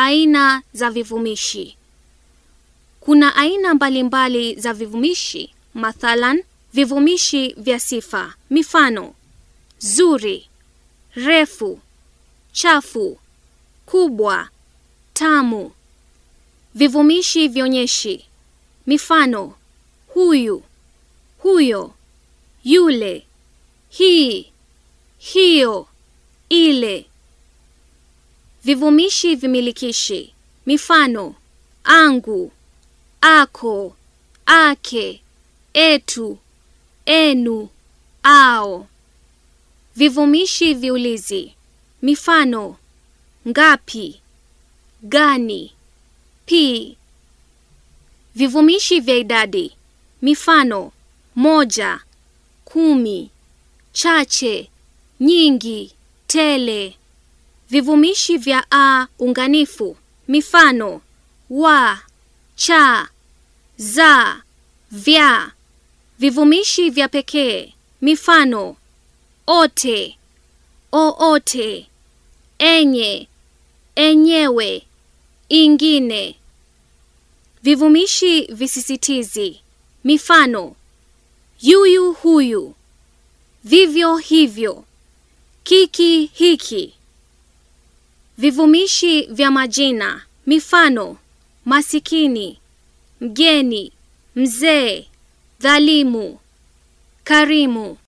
Aina za vivumishi. Kuna aina mbalimbali za vivumishi, mathalan vivumishi vya sifa. Mifano: zuri, refu, chafu, kubwa, tamu. Vivumishi vionyeshi. Mifano: huyu, huyo, yule, hii, hiyo, ile. Vivumishi vimilikishi. Mifano: angu, ako, ake, etu, enu, ao. Vivumishi viulizi. Mifano: ngapi, gani, pi. Vivumishi vya idadi. Mifano: moja, kumi, chache, nyingi, tele. Vivumishi vya a unganifu. Mifano: wa, cha, za, vya. Vivumishi vya pekee. Mifano: ote, oote, enye, enyewe, ingine. Vivumishi visisitizi. Mifano: yuyu, huyu, vivyo hivyo, kiki, hiki. Vivumishi vya majina mifano: masikini, mgeni, mzee, dhalimu, karimu.